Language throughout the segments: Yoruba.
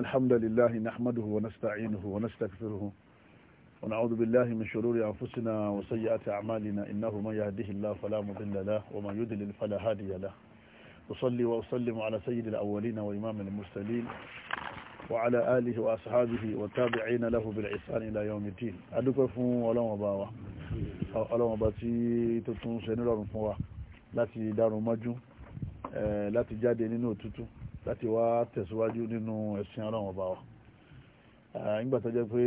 الحمد لله نحمده ونستعينه ونستغفره ونعوذ بالله من شرور أنفسنا وسيئات أعمالنا إنه من يهده الله فلا مضل له ومن يضلل فلا هادي له أصلي وأسلم على سيد الأولين وإمام المرسلين وعلى آله وأصحابه وتابعين له بالإحسان إلى يوم الدين أدوك فون ولا مباوة أو مباتي تتون سنرى فوا láti dárun mọ́jú láti jáde nínú láti wá tẹ̀síwájú nínú ẹ̀sìn ọlọ́run ọba wa nígbà tó jẹ́ pé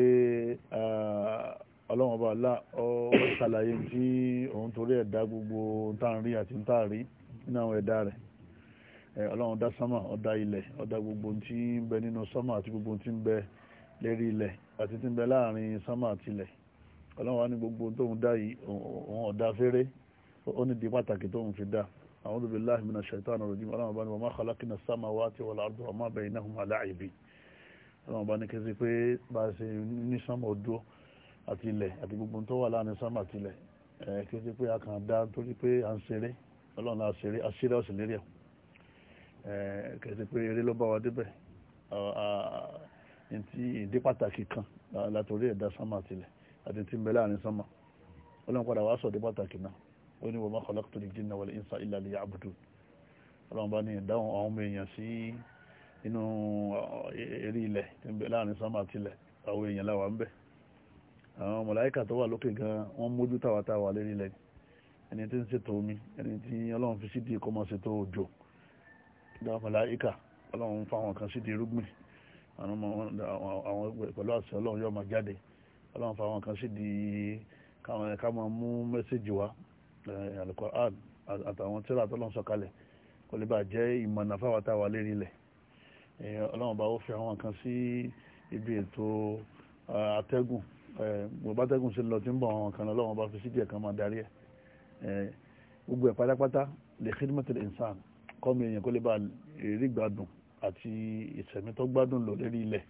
ọlọ́run ọba ọlá ọ ṣàlàyé tí òun torí ẹ̀dá gbogbo ntàrí àti ntàrí nínú àwọn ẹ̀dá rẹ̀ ọlọ́run dá sánmà ó dá ilẹ̀ ó dá gbogbo tí ń bẹ nínú sánmà àti gbogbo tí ń bẹ lérí ilẹ̀ àti tí ń bẹ láàrin sánmà àti ilẹ̀ ọlọ́run wá ní gbogbo tóun dá yìí òun ọ̀dá fẹ́rẹ́ ó ní di pàtàkì tóun fi dá أعوذ بالله من الشيطان الرجيم اللهم بارك وما خلقنا السماوات والأرض وما بينهما لاعبين اللهم بارك sí pé bá ṣe ní sánmà odo àti ilẹ̀ àti gbogbo tó wà láàrin sánmà àti ilẹ̀ eh kí ó ṣe pé a kàn dá torí pé à ń ṣeré Ọlọ́run a ṣeré ó ṣe lérí eh kí ó ṣe pé eré ló bá wa débẹ̀ ntí ìdí pàtàkì kan látòrí ẹ̀dá sánmà àti ilẹ̀ àti tí ń bẹ láàrin sánmà Ọlọ́run padà wá sọ̀dí pàtàkì náà ó ní wa ma khalaqtul jinna wal insa illa liya'budun ọlọ́run bá ní ìdáhùn àwọn ọmọ èèyàn sí inú eh, eré ilẹ̀ láàrin sánmà tilẹ̀ àwọn èèyàn láwà ń bẹ àwọn mọ̀láíkà tó wà lókè gan wọ́n mójú tàwátàwà lérí ilẹ̀ ẹni tí ń ṣètò omi ẹni tí ọlọ́run fi sídìí kọ́ mọ́ ṣètò òjò mọ̀láíkà ọlọ́run fáwọn kan sídìí irúgbìn àwọn pẹ̀lú àṣẹ ọlọ́run yóò máa jáde ọlọ́run fáwọn kan sídìí ká máa mú mẹ́sẹ̀jì wá Eh, alukur'an àtàwọn tíra tó lọ́n sọ̀kalẹ̀ kò lè bá jẹ́ ìmọ̀nà fáwọn táwa lérí lẹ̀ eh, ọlọ́run bá ó fi àwọn kan sí ibi ètò eh, atẹ́gùn gbogbo atẹ́gùn sí lọ tí ń bọ̀ àwọn kan ọlọ́run bá fi síbi ẹ̀kan máa darí ẹ̀ gbogbo ẹ̀ pátápátá lè khidmatul insan kọ́mi èèyàn kó lè bá rí gbádùn àti ìsẹ̀mí tó gbádùn lò lérí ilẹ̀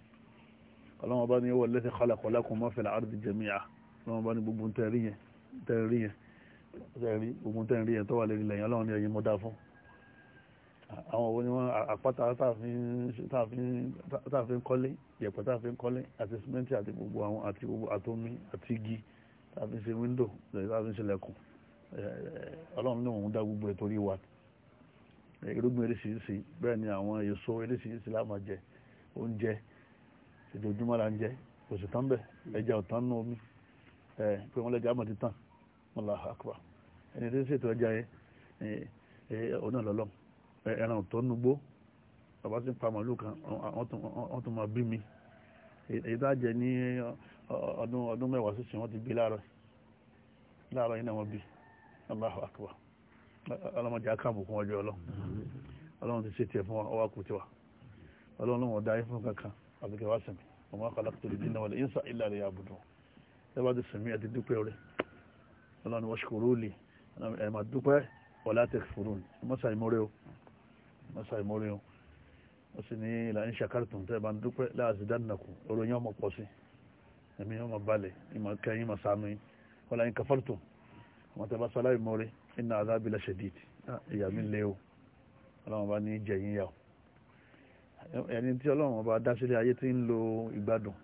ọlọ́run bá ní wọ́n lẹ́sẹ̀ khalaqa lakum ma fil ardi jami'a ọlọ́run bá ní gbogbo tẹ́rí yẹn rí ogun tẹ́ ń rí ẹ̀ tó wà lérí lẹ́yìn ọlọ́run ní ẹ̀yìn mọ́dá fún àwọn owó ni wọ́n àpáta táàfin kọ́lé yẹ̀pẹ̀ táàfin kọ́lé àti símẹ́ǹtì àti gbogbo àwọn àti gbogbo àtomi àti igi táàfin ṣe wíńdò táàfin ṣe lẹ́kùn ọlọ́run ní òun dá gbogbo ẹ̀ torí wa irúgbìn eréṣiríṣi bẹ́ẹ̀ ni àwọn èso eréṣiríṣi la máa jẹ oúnjẹ ìdójúmọ́ la ń jẹ kò sì tán bẹ́ẹ̀ ẹja ò tán nú omi pé wọ́n lẹ́jà á mọ̀ ti tàn Allahu akbar ẹni tí ń ṣètò ọjà yẹ ọ̀nà lọ́lọ́ ẹran tó nugbó bàbá tí ń pa màálù kan wọ́n tún máa bí mi èyí tá jẹ ní ọdún ọdún mẹ́wàá sísè wọ́n ti bí láàárọ̀ láàárọ̀ yìí náà wọ́n bí Allahu akbar ọlọ́mọdé akáàbò kún ọjọ́ ọlọ́run ọlọ́run ti ṣe tiẹ̀ fún wa ọwọ́ kù tiwa ọlọ́run lóun ọ̀dá fún kankan àbíkẹ́ wá sẹ̀mí ọmọ akọ̀lákùtò lè dín náà wọlé ìnsà ìlà rẹ̀ yà àbùdó ẹ bá ti sẹ̀mí ẹ ti dúpẹ́ rẹ̀ ọlọ́run wọ́n ṣe kò ẹ máa dúpẹ́ ọ̀la tẹ̀ fòrún mọ́sà ìmọ̀rẹ́ o mọ́sà ìmọ̀rẹ́ o ó sì ní ìlànà ìṣàkárìtùn tẹ́ bá ń dúpẹ́ láàzì dánilẹ̀kùn ọ̀rọ̀ yẹn ọmọ pọ̀ sí ẹ̀mí yẹn ọmọ balẹ̀ ìmọ̀ kẹyìn ìmọ̀ sànú yìí ọ̀la yẹn kẹfọ́rìtù àwọn tẹ́ bá sọlá ìmọ̀rẹ́ iná adábí lẹ́sẹ̀ dìtì ah, ìyá mi lé o ọlọ́run bá ní jẹ̀yìn yà o ẹni tí ọlọ́run bá dá sílé ayé tí ń lo ìgbádùn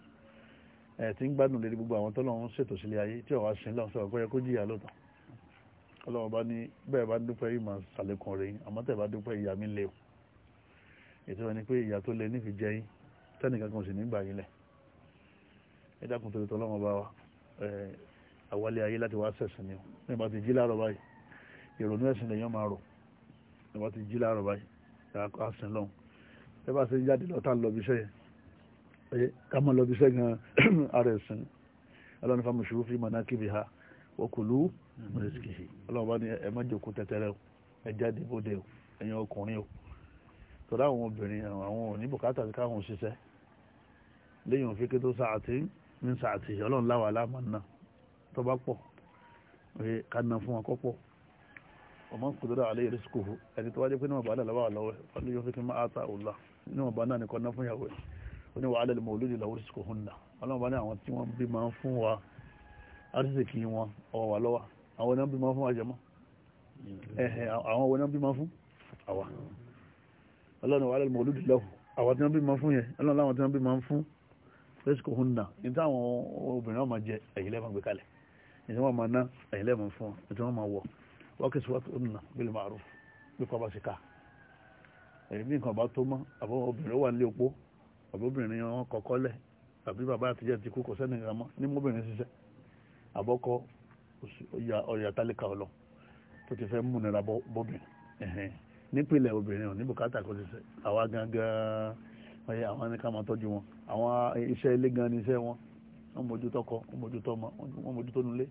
ẹ̀ tí ń gbádùn lórí gbogbo àwọn tọ́lọ́run ṣètò sílé ayé tí ọ̀wá sí lọ́sọ̀rọ̀ kó yẹ kó jìyà lóòótọ́ ọlọ́run bá ní bẹ́ẹ̀ bá dúpẹ́ yìí máa ṣàlékún rẹ̀ yín àmọ́ tẹ̀ bá dúpẹ́ ìyá mi lé o ètò ẹni pé ìyá tó lé nífi jẹ́ yín tẹ́nìkan kan sì nígbà yín lẹ̀ ẹ dákun torí tọ́lọ́run bá wa àwálé ayé láti wá sẹ̀sìn ni o nígbà tí jí láàárọ̀ báyìí ìrònú ẹ̀sìn lèèyàn máa rò nígbà tí jí láàárọ̀ báyìí àsìn lọ́hùn ẹ bá ṣe jáde lọ́tà lọ́bíṣẹ́ yẹn ká mọ́ lọ́bíṣẹ́ rìsíkìhì ọlọ́run bá ní ẹ má jókòó tẹ́tẹ́rẹ́ o ẹ jáde bóde o ẹ̀yin ọkùnrin o tọ́lá àwọn obìnrin àwọn òní bùkátà sí káwọn ṣiṣẹ́ lẹ́yìn òfin kí tó sàátì ní sàátì ọlọ́run láwa láàmà náà tó bá pọ̀ ká ná fún wọn kọ́ pọ̀ ọmọ kùdúrà alẹ́ rìsíkìhù ẹni tó wájú pé níwọ̀n bá lọ́wọ́ àlọ́wọ́ ọlọ́run yóò fi kí máa ta òun la níwọ̀n bá náà nìkan ná fún ìyàwó ẹ̀ oní lè mọ̀lú ìlà orísìkò hùn náà ọlọ́run bá ní àwọn tí wọ́n bí máa ń fún wa arísìkì wọn ọwọ́ wa lọ́wọ́ àwọn ọ̀nà bímọ fún àjẹmọ́ àwọn ọ̀nà bímọ fún àwa ọlọ́run wà lẹ́lẹ́mọ̀ olúdí lọ́wọ́ àwọn tí wọ́n bímọ fún yẹn ọlọ́run láwọn tí wọ́n bímọ fún lẹ́sìkò hún náà ní táwọn obìnrin wọn máa jẹ ẹ̀yìn lẹ́mọ̀ gbé kalẹ̀ ní tí wọ́n máa ná ẹ̀yìn lẹ́mọ̀ fún ní tí wọ́n máa wọ̀ wọ́kì síwájú ọ̀nà bíi màrú bí kọ́ bá ṣe ká ẹ̀rí ti kú kọ́ sẹ́nìkan mọ́ ní mọ́bìnrin ṣiṣẹ́ àbọ̀kọ́ ọ̀yà tálíkà ọlọ tó ti fẹ́ múnira bọ́bìn nípìnlẹ̀ obìnrin ò ní bùkátà kò ṣiṣẹ́ àwa gangan àwọn ní ká máa tọ́jú wọn àwọn iṣẹ́ ilé gan ni iṣẹ́ wọn wọ́n mójútó ọkọ wọ́n mójútó ọmọ wọ́n mójútó nulẹ̀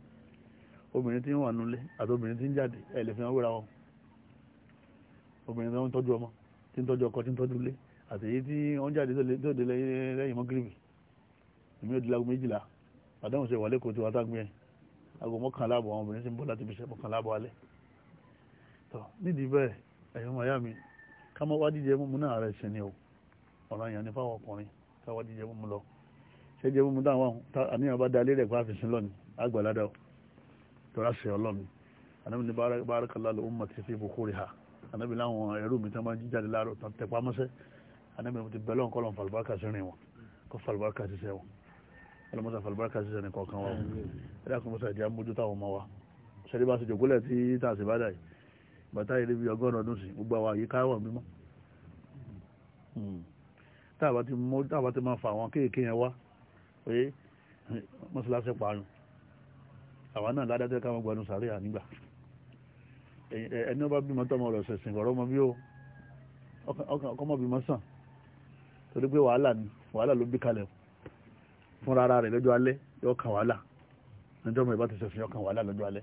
obìnrin tí ń wà nulẹ̀ àti obìnrin tí ń jáde ẹ̀ lè fi hàn wéra wọn obìnrin tí wọ́n ń tọ́jú ọmọ tí ń tọ́jú ọkọ tí ń tọ́jú ilé àti èyí tí wọ́n jáde tó dé lẹ́yìn mọ́gírìbì èmi ò di lágbo méjìlá àdáhùn ṣe wà lẹ́kọ̀ọ́ tí aago mọ́kànlá àbọ̀ àwọn obìnrin ti ń bọ́ láti ibiṣẹ́ mọ́kànlá àbọ̀ alẹ́ tó nídìí bẹ́ẹ̀ ẹ̀yọ́ màyá mi ká má wá jíjẹ mímu náà rẹ̀ ṣe ni o ọ̀ràn yẹn ni fáwọn ọkùnrin ká wá jíjẹ mímu lọ ṣé jẹ mímu táwọn àníyàn bá dalé rẹ̀ pàáfi sí lọ́ni àgbàládà o tọ́ra ṣe ọlọ́mi anábì ní barakallahu ummati fi bukuriha anábì láwọn ẹrú mi tán máa jíjáde ọlọ́mọsá fàlùbáràkà sí sẹ́ni kọ̀ọ̀kan wa ẹ̀dá kan mọ́sá ìdí amójú táwọn ọmọ wa ṣẹlẹ̀ bá ṣe jòkólẹ̀ tí tá a sì bá dàí bàtà ilé bíi ọgọ́rùn ọdún sí gbogbo àwọn àyíká wà mímọ́ hmm. táàbà ti máa fa àwọn kéèké yẹn wá pé mọ́sálásí parun àwọn náà ládàtẹ́ káwọn gbanú sàárè ànígbà ẹni ọba bímọ tọmọ rẹ̀ ṣẹ̀sìn ọ̀rọ̀ ọmọ bí ó ọkọ̀ ọmọ bímọ sàn torí pé wàhálà ni wàhálà ló bí kalẹ̀ fúnra ara rẹ̀ lọ́jọ́ alẹ́ yóò kàn wàhálà níjọ́ mọ̀ ìbá ti sọ̀fin yóò kàn wàhálà lọ́jọ́ alẹ́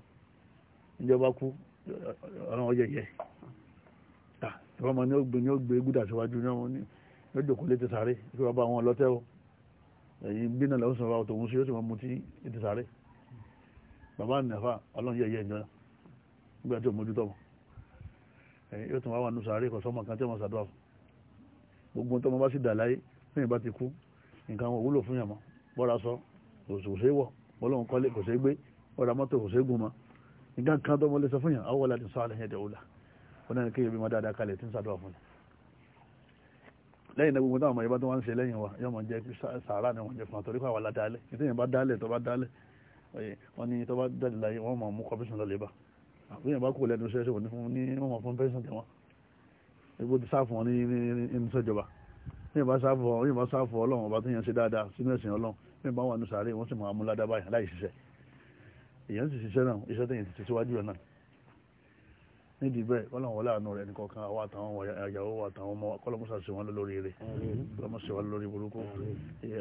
níjọ́ bá kú ọ̀ràn ọ̀yẹ̀ yẹ ìwọ́n ma ní ó gbé ní ó gbé gúdà síwájú ní ọmọ ní ó jòkó lé ti sáré kí wọ́n bá wọn lọ́tẹ́ o èyí bí náà lọ́sàn bá tòun sí ó sì wọ́n mu tí sáré bàbá nàfà ọlọ́run yẹ̀ ìjọ nígbà tí ò mójú tọ́mọ yóò tún wá wà nù sáré kọ̀ sọ́mọ kan tí wọ́n sàdúrà gbogbo tọ́mọ bá sì dà láyé lẹ́yìn bá ti kú nǹkan wọn òwúlò fún yàmọ́ bọ́ra sọ kò ṣe wọ̀ bọ́lọ́hún kọ́lé kò ṣe gbé bọ́ra mọ́tò kò ṣe gùn mọ́ nǹkan kan tó mọ́lẹ́sọ fún yàn awọ́lá ti sọ àlẹ́yìn ẹ̀dẹ̀ òòlà wọn náà kéèyàn bí mọ́ dáadáa kalẹ̀ tí ń sàdúrà fún yàn lẹ́yìn náà gbogbo táwọn ọmọ ìbá tó wá ń ṣe lẹ́yìn wa yóò mọ̀ jẹ́ sàárà ni wọ́n jẹ́ fún àtọ́rí pàwọ́ aládàálẹ̀ ìtẹ́yìn bá dálẹ̀ tó bá dálẹ̀ wọ́n ní tó bá dálẹ̀ láyé wọ́n mọ̀ mú kọ́pẹ́sùn lọ lébà àbúyàn bá kò lẹ́nu iṣẹ́ ṣe wọ́n ní wọ́n mọ̀ fún pẹ́sùn tẹ̀wọ́n egbò ti sáà fún wọn ní iṣẹ́ ìjọba yìí bá sáfọ̀ yìí bá sáfọ̀ ọlọ́run ọba tó yẹn ṣe dáadáa sínú ẹ̀sìn ọlọ́run yìí bá wà ní sàárè wọ́n sì máa mú ládàbà yẹn láì ṣiṣẹ́ èèyàn sì ṣiṣẹ́ náà iṣẹ́ tó yẹn ti tẹ̀síwájú rẹ̀ náà nídìí bẹ́ẹ̀ ọlọ́run wọlé àánú rẹ̀ nìkọ̀ọ̀kan àwa àtàwọn àyàwó àtàwọn ọmọ kọ́lọ́mùsà sí wọn lórí rẹ̀ kọ́lọ́mùsà wọn lórí burúkú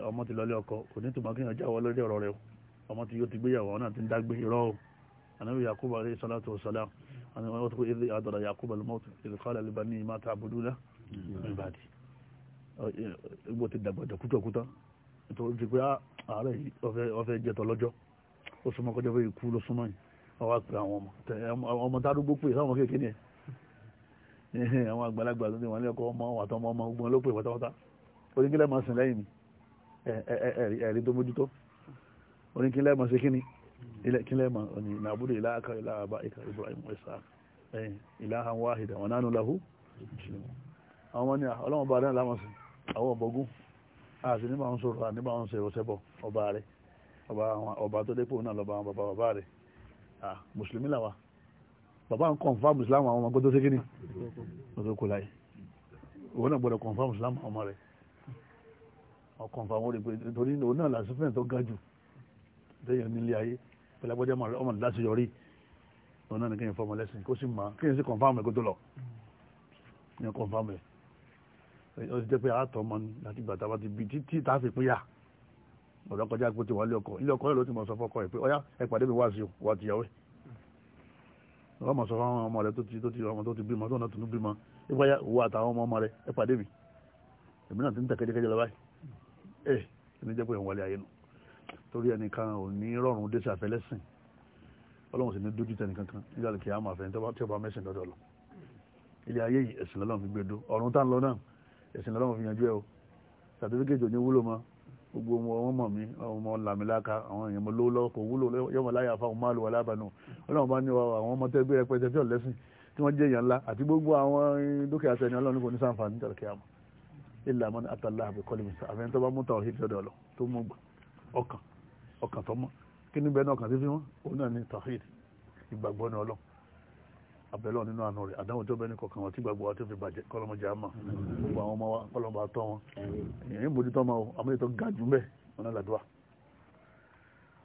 ọmọ ti lọlé ọkọ kò ní tùmọ̀ kí ọjà wọlé lórí ọ̀rọ̀ rẹ̀ ọmọ ti yóò ti gbéyàwó náà ti ń dágbé irọ́ o anabi yakubu gbogbo ti dàgbàjọ kútọ̀kútọ̀ nítorí ti pé ah, ààrẹ yìí ọ̀fẹ́ jẹtọ̀ lọ́jọ́ ó súnmọ́ kọjá fẹ́ ikú ló súnmọ́ yìí ọwọ́ àpè àwọn ọmọ ọmọ tádúgbò pè sáwọn kéèké ni ẹ àwọn àgbàlagbà tó ti wọn lẹ́kọ̀ọ́ ọmọ àtọ́ ọmọ ọmọ ogun ló pè pátápátá oníkílẹ̀ máa sìn lẹ́yìn mi ẹ̀rí tó mójútó oníkílẹ̀ máa ṣe kí ni kílẹ̀ máa ní nàbúrò ìlà aka ìlà àbá ìka Ibrahim wẹ̀sà ìlà àwọn wáhìdà wọn nánú lahu àwọn ọmọ ní ah, ọlọ́wọ́n bá dáná láwọn sìn àwọn ọ̀bọ̀gún àti nígbà wọn sọ̀rọ̀ àti nígbà wọn sọ ìwọ̀sẹ̀bọ̀ ọba rẹ̀ ọba tó dépò náà lọ́ba àwọn bàbá bàbá rẹ̀ mùsùlùmí làwà bàbá ń kọ̀nfàmù islam àwọn ọmọ tó ṣe kíni ọdún kò láyé òun náà gbọ́dọ̀ kọ̀nfàmù islam àwọn ọmọ rẹ̀ ọkọ̀nfàmù rẹ̀ pé nítorí òun náà làṣífẹ́ tó ga jù lẹ́yìn nílé ayé pẹ̀lú agbọ́jẹ́ ọmọ láti yọrí òun náà ní kéèyàn fọmọ lẹ́sìn kó sì máa kéèyàn sì kọ̀nfàmù ó ti jẹ́ pé àtọ̀ ọmọ ni láti gbàtà wá ti bí títí tá a fi pínyà ọ̀dọ́ kọjá pé ti wà ilé ọkọ ilé ọkọ yóò ló ti mọ̀ sọ fọ́kọ ẹ̀ pé ọyá ẹ pàdé mi wá sí o wà tìyàwó ẹ̀ wọ́n mọ̀ sọ fún àwọn ọmọ rẹ tó ti tó ti ọmọ tó ti bímọ tó náà tún bímọ ẹ pàdé wo àtàwọn ọmọ ọmọ rẹ ẹ pàdé mi èmi náà ti ń tẹ̀ kẹ́jẹ́kẹ́jẹ́ lọ báyìí ẹ ẹni jẹ́ pé òun wọlé ayé nu torí ẹnìkan ò ní rọrùn dé sàfẹ́lẹ́sìn ọlọ́run sì ní dójú tẹ̀ nìkan kan nígbà tí a máa fẹ́ tí ọba mẹ́sìn dọ́dọ̀ lọ ilé ayé yìí ẹ̀sìn lọ́lọ́run fi gbé dó ọ̀run tá ń lọ náà ẹ̀sìn lọ́wọ́ fi yanjú ẹ o sàtífíkẹ́tì òní wúlò mọ́ gbogbo wọn mọ̀ mí ọmọ làmìlaka àwọn èèyàn mọ lówó lọ́wọ́ kò wúlò yọmọ láyà fáwọn máàlù wà lábànú ọlọ́run bá ní àwọn ọmọ tẹ́gbẹ́ rẹpẹtẹ tí ọ̀lẹ́sìn tí wọ́n jẹ́ èèyàn ńlá àti gbogbo àwọn dúkìá sẹ́ni ọlọ́run kò ní sàǹfààní tàbí àmọ́ ilà mọ́ni àtàlà àbí kọ́lìmìsà àfẹ́ni tó abẹ́lọ́ nínú àánú rẹ̀ àdáwọn tó bẹ́ni kọ̀ọ̀kan wọn tí gbàgbọ́ wa tó fi bàjẹ́ kọ́lọ́mọjà àmà gbogbo àwọn ọmọ wa kọ́lọ́mọba tọ́ wọn èyí ń bójútó ọmọ àmọ́ ètò ga jù mẹ́ wọn náà làdúrà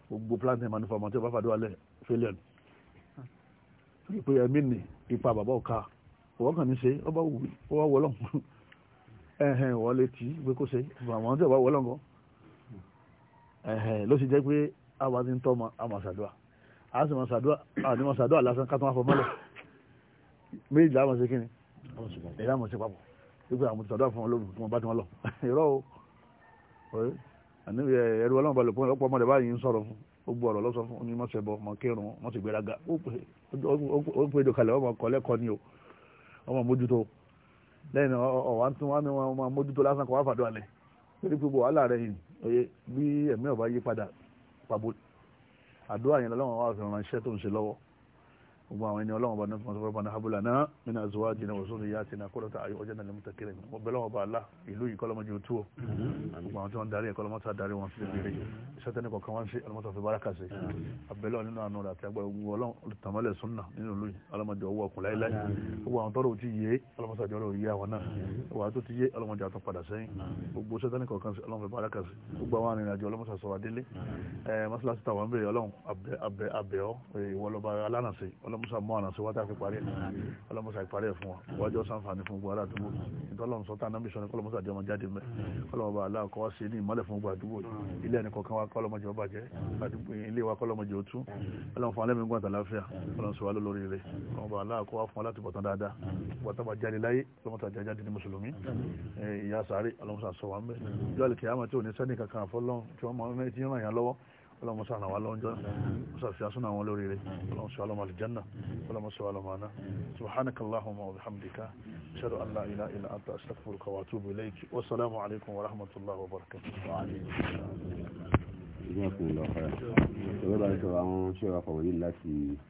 gbogbo plantain manufacture tí o bá fàdúrà lẹ̀ fẹ́lẹ̀ nù torí pé ẹ̀mí ni ipa bàbá ọ̀ka òwò kàn ní ṣe ó bá wù ó wá wọlọ́ ẹ̀hẹ̀n wọ́n lè tì í kó ṣe àwọn tí ò bá wọlọ́ méjì láwọn ṣe kíni ẹ̀rọ àwọn ṣe papọ̀ wípé àwọn tọ̀dọ̀ fún wọn lóru tí wọ́n bá tí wọ́n lọ ìrọ́ o ẹ̀rù ọlọ́run balẹ̀ fún ọ̀pọ̀ ọmọdé báyìí ń sọ̀rọ̀ fún gbogbo ọ̀rọ̀ lọ́sọ̀ fún onímọ̀ ṣẹbọ ọmọ kírun wọ́n sì gbéraga ó pé ìdòkalẹ̀ ọmọ kọ́lẹ́kọ́ ni o ọmọ mójútó lẹ́yìn ọ̀wá tún wá ní wọn ọmọ mójútó lásán kọ́ wá fàdó alẹ̀ torí gbogbo wàhálà rẹ̀ yìí oye bí ẹ̀mí ọ̀bá yí padà pàbó àdúrà yẹn lọ́wọ́ wa fi ránṣẹ́ tó ń ṣe lọ́wọ́ gbogbo àwọn ẹni ọlọ́wọ́n bá nọ́fún ọ̀sọ́fọ́fọ́ náà hábùlà náà nínú àzọwájì náà wọ́n sórí yáàtì náà kọ́lọ́ta ayé ọjọ́ náà lẹ́mọ́ta kiri wọ́n bẹ̀rẹ̀ wọn bá alá ìlú yìí kọ́lọ́mọ́jú tó gbogbo àwọn tí wọ́n darí ẹ̀kọ́ lọ́mọ́ta darí wọn sí rere iṣẹ́ tẹ́ni kọ̀ọ̀kan wá ń ṣe ọlọ́mọ́ta fi bára kàṣe abẹ́lẹ́ nínú àánú rẹ̀ àti agbára gbogbo ọlọ́mọlẹ̀ súnà nínú ìlú yìí ọlọ́mọdé ọwọ́ ọkùn láíláí gbogbo àwọn tọ́rọ ti yé ọlọ́mọta jọrọ yé àwọn náà wà tó ti yé ọlọ́mọdé àtọ́ padà sẹ́yìn gbogbo iṣẹ́ tẹ́ni kọ̀ọ̀kan sí ọlọ́mọ ọlọ́mọsà mọ́ àná síwájú àfi parí ẹ̀ ọlọ́mọsà ìparí ẹ̀ fún wa wájú ọ̀sánfàní fún gbogbo aládùúgbò ìtọ́lọ́mọsọ tá àná bíṣọ ni kọ́lọ́mọsà jẹ́ ọmọ jáde mẹ́ kọ́lọ́mọba aláàkọ́ wá sí ní ìmọ́lẹ̀ fún gbogbo àdúgbò ilé ẹnì kọ̀ọ̀kan wa kọ́lọ́mọjẹ́ ọba jẹ́ ilé wa kọ́lọ́mọjẹ́ òtún ọlọ́mọfà alẹ́mìígbọ́n àtàláfíà ọlọ́mọsọ̀wá lórí rẹ̀ ọlọ́mọba aláàkọ́ wá fún aláti bọ̀tán dáadáa bọ̀tán bá jáde láyé ọlọ́mọsà jẹ́ jáde ní mùsùlùmí ìyá sáré ọlọ́mọsà sọ wa ọlọ́mọ sànà wà lọ́njọ́ sàfihàn súnà wọn lórí rẹ̀ ọlọ́mọ sọ alọ́mọ alìjánà ọlọ́mọ sọ alọ́mọ àná subhanaka allahumma wa bihamdika ashhadu an la ilaha illa anta astaghfiruka wa atubu ilayk wa assalamu wa rahmatullahi wa barakatuh